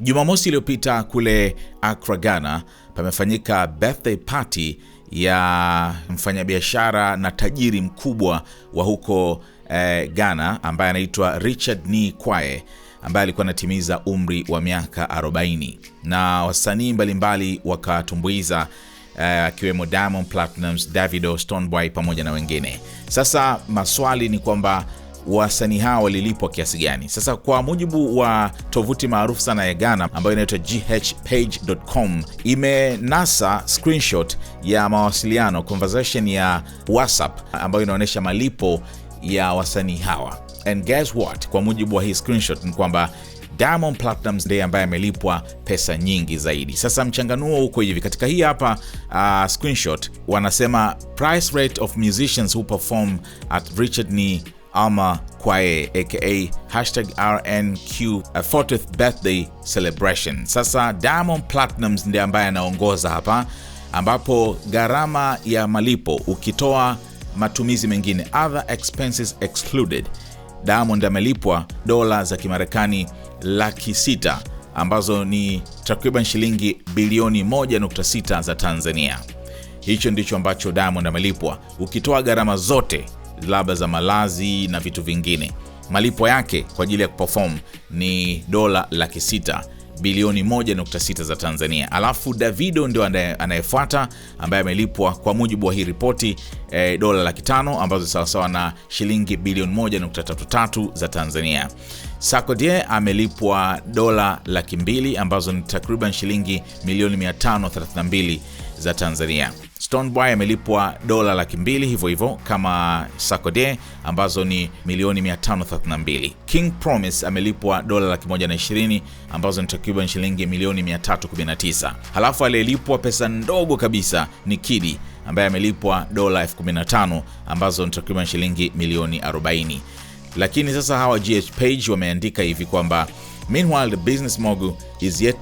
Jumamosi iliyopita kule Accra, Ghana, pamefanyika birthday party ya mfanyabiashara na tajiri mkubwa wa huko eh, Ghana ambaye anaitwa Richard N Kwae ambaye alikuwa anatimiza umri wa miaka 40 na wasanii mbalimbali wakatumbuiza eh, akiwemo eh, Diamond Platnumz, Davido, Stoneboy pamoja na wengine. Sasa maswali ni kwamba wasanii hawa walilipwa kiasi gani. Sasa kwa mujibu wa tovuti maarufu sana ya Ghana ambayo inaitwa ghpage.com imenasa screenshot ya mawasiliano conversation ya WhatsApp ambayo inaonyesha malipo ya wasanii hawa, and guess what, kwa mujibu wa hii screenshot ni kwamba Diamond ndiye ambaye amelipwa pesa nyingi zaidi. Sasa mchanganuo huko hivi katika hii hapa uh, screenshot wanasema price rate of musicians who perform at Richard ni ama kwae aka hashtag RNQ 40th birthday celebration. Sasa Diamond Platnumz ndiye ambaye anaongoza hapa, ambapo gharama ya malipo ukitoa matumizi mengine other expenses excluded, Diamond amelipwa dola za Kimarekani laki sita ambazo ni takriban shilingi bilioni 1.6 za Tanzania. Hicho ndicho ambacho Diamond amelipwa ukitoa gharama zote labda za malazi na vitu vingine. Malipo yake kwa ajili ya kuperform ni dola laki sita bilioni 1.6 za Tanzania. Alafu Davido ndio anayefuata ambaye amelipwa kwa mujibu wa hii ripoti e, dola laki tano ambazo sawasawa na shilingi bilioni 1.33 za Tanzania. sacodie amelipwa dola laki mbili ambazo ni takriban shilingi milioni 532 za Tanzania. Stonebwoy amelipwa dola laki mbili hivyo hivyo kama Sarkodie ambazo ni milioni 532. King Promise amelipwa dola laki moja na ishirini ambazo ni takriban shilingi milioni 319. Halafu aliyelipwa pesa ndogo kabisa ni Kidi ambaye amelipwa dola 15 ambazo ni takriban shilingi milioni 40. Lakini sasa hawa GH Page wameandika hivi kwamba meanwhile the business mogul is yet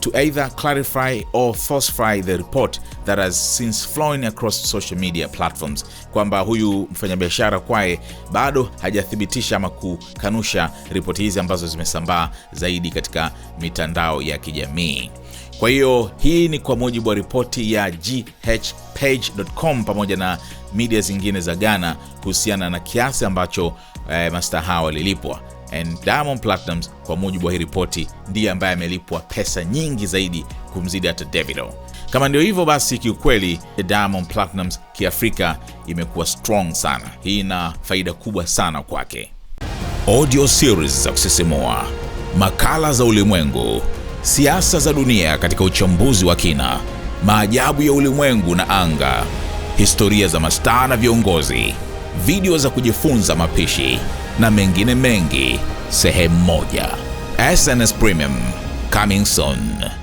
to either clarify or falsify the report that has since flown across social media platforms, kwamba huyu mfanyabiashara kwaye bado hajathibitisha ama kukanusha ripoti hizi ambazo zimesambaa zaidi katika mitandao ya kijamii. Kwa hiyo hii ni kwa mujibu wa ripoti ya ghpage.com pamoja na media zingine za Ghana kuhusiana na kiasi ambacho eh, mastaa hawa walilipwa and Diamond platinums kwa mujibu wa hii ripoti ndiye ambaye amelipwa pesa nyingi zaidi kumzidi hata Davido. Kama ndio hivyo basi, kiukweli Diamond platinums kiafrika imekuwa strong sana. Hii ina faida kubwa sana kwake. Audio series za kusisimua, makala za ulimwengu, siasa za dunia katika uchambuzi wa kina, maajabu ya ulimwengu na anga, historia za mastaa na viongozi, video za kujifunza mapishi na mengine mengi sehemu moja. SNS Premium coming soon.